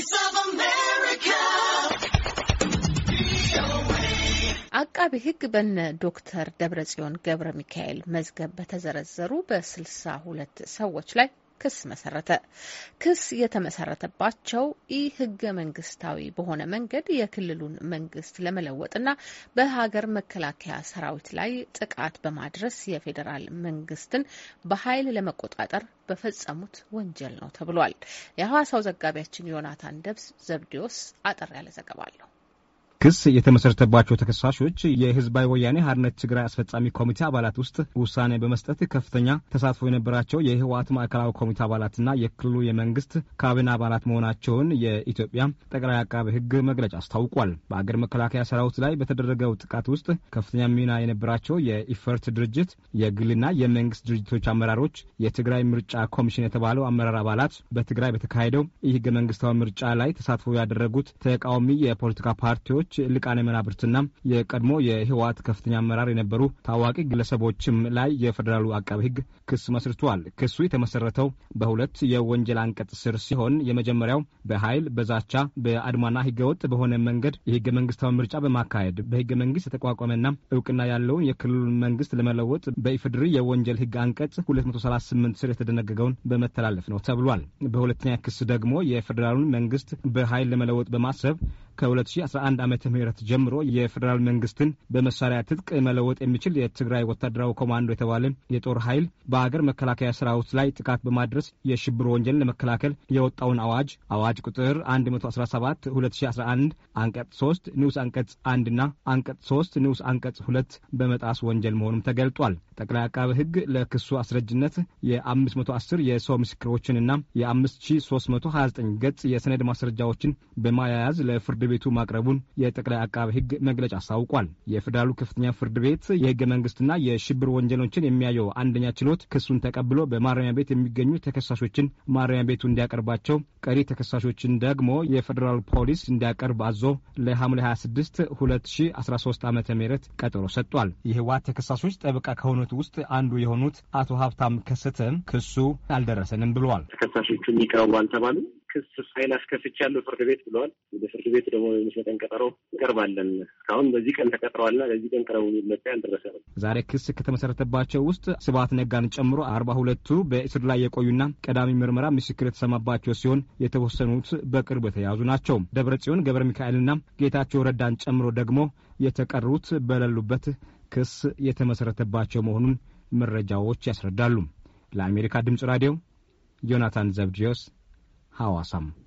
Voice of America. አቃቢ ሕግ በነ ዶክተር ደብረጽዮን ገብረ ሚካኤል መዝገብ በተዘረዘሩ በስልሳ ሁለት ሰዎች ላይ ክስ መሰረተ። ክስ የተመሰረተባቸው ኢ ህገ መንግስታዊ በሆነ መንገድ የክልሉን መንግስት ለመለወጥና በሀገር መከላከያ ሰራዊት ላይ ጥቃት በማድረስ የፌዴራል መንግስትን በኃይል ለመቆጣጠር በፈጸሙት ወንጀል ነው ተብሏል። የሐዋሳው ዘጋቢያችን ዮናታን ደብስ ዘብዲዮስ አጠር ያለ ዘገባ አለው። ክስ የተመሰረተባቸው ተከሳሾች የህዝባዊ ወያኔ ሀርነት ትግራይ አስፈጻሚ ኮሚቴ አባላት ውስጥ ውሳኔ በመስጠት ከፍተኛ ተሳትፎ የነበራቸው የህወሀት ማዕከላዊ ኮሚቴ አባላትና የክልሉ የመንግስት ካቢኔ አባላት መሆናቸውን የኢትዮጵያ ጠቅላይ አቃቢ ህግ መግለጫ አስታውቋል። በአገር መከላከያ ሰራዊት ላይ በተደረገው ጥቃት ውስጥ ከፍተኛ ሚና የነበራቸው የኢፈርት ድርጅት የግልና የመንግስት ድርጅቶች አመራሮች፣ የትግራይ ምርጫ ኮሚሽን የተባለው አመራር አባላት፣ በትግራይ በተካሄደው የህገ መንግስታዊ ምርጫ ላይ ተሳትፎ ያደረጉት ተቃዋሚ የፖለቲካ ፓርቲዎች ሌሎች ሊቃነ መናብርትና የቀድሞ የህወሓት ከፍተኛ አመራር የነበሩ ታዋቂ ግለሰቦችም ላይ የፌዴራሉ አቃቤ ህግ ክስ መስርቷል። ክሱ የተመሰረተው በሁለት የወንጀል አንቀጽ ስር ሲሆን የመጀመሪያው በኃይል በዛቻ በአድማና ህገወጥ በሆነ መንገድ የህገ መንግስታዊ ምርጫ በማካሄድ በህገ መንግስት የተቋቋመና እውቅና ያለውን የክልሉን መንግስት ለመለወጥ በኢፍድሪ የወንጀል ህግ አንቀጽ 238 ስር የተደነገገውን በመተላለፍ ነው ተብሏል። በሁለተኛ ክስ ደግሞ የፌዴራሉን መንግስት በኃይል ለመለወጥ በማሰብ ከ2011 ዓ ም ጀምሮ የፌዴራል መንግስትን በመሳሪያ ትጥቅ መለወጥ የሚችል የትግራይ ወታደራዊ ኮማንዶ የተባለ የጦር ኃይል በሀገር መከላከያ ሰራዊት ላይ ጥቃት በማድረስ የሽብር ወንጀልን ለመከላከል የወጣውን አዋጅ አዋጅ ቁጥር 117 2011 አንቀጽ 3 ንዑስ አንቀጽ 1 ና አንቀጽ 3 ንዑስ አንቀጽ 2 በመጣስ ወንጀል መሆኑም ተገልጧል። ጠቅላይ አቃቢ ህግ ለክሱ አስረጅነት የ510 የሰው ምስክሮችንና የ5329 ገጽ የሰነድ ማስረጃዎችን በማያያዝ ለፍርድ ቤቱ ማቅረቡን የጠቅላይ አቃቤ ሕግ መግለጫ አስታውቋል። የፌዴራሉ ከፍተኛ ፍርድ ቤት የህገ መንግስትና የሽብር ወንጀሎችን የሚያየው አንደኛ ችሎት ክሱን ተቀብሎ በማረሚያ ቤት የሚገኙ ተከሳሾችን ማረሚያ ቤቱ እንዲያቀርባቸው፣ ቀሪ ተከሳሾችን ደግሞ የፌዴራል ፖሊስ እንዲያቀርብ አዞ ለሐምሌ 26 2013 ዓ ም ቀጠሮ ሰጥቷል። የህወሓት ተከሳሾች ጠበቃ ከሆኑት ውስጥ አንዱ የሆኑት አቶ ሀብታም ከሰተ ክሱ አልደረሰንም ብሏል። ተከሳሾቹ ይቅረቡ አልተባሉ ክስ ፋይል አስከፍቻለሁ ፍርድ ቤት ብለዋል። ወደ ፍርድ ቤት ደግሞ የመስመጠን ቀጠሮ እንቀርባለን። እስካሁን በዚህ ቀን ተቀጥረዋልና በዚህ ቀን ቀረቡ የሚመጣ ያልደረሰ ነው። ዛሬ ክስ ከተመሰረተባቸው ውስጥ ስባት ነጋን ጨምሮ አርባ ሁለቱ በእስር ላይ የቆዩና ቀዳሚ ምርመራ ምስክር የተሰማባቸው ሲሆን የተወሰኑት በቅርብ የተያዙ ናቸው። ደብረ ጽዮን ገብረ ሚካኤልና ጌታቸው ረዳን ጨምሮ ደግሞ የተቀሩት በሌሉበት ክስ የተመሰረተባቸው መሆኑን መረጃዎች ያስረዳሉ። ለአሜሪካ ድምፅ ራዲዮ ዮናታን ዘብድዮስ Hawasam.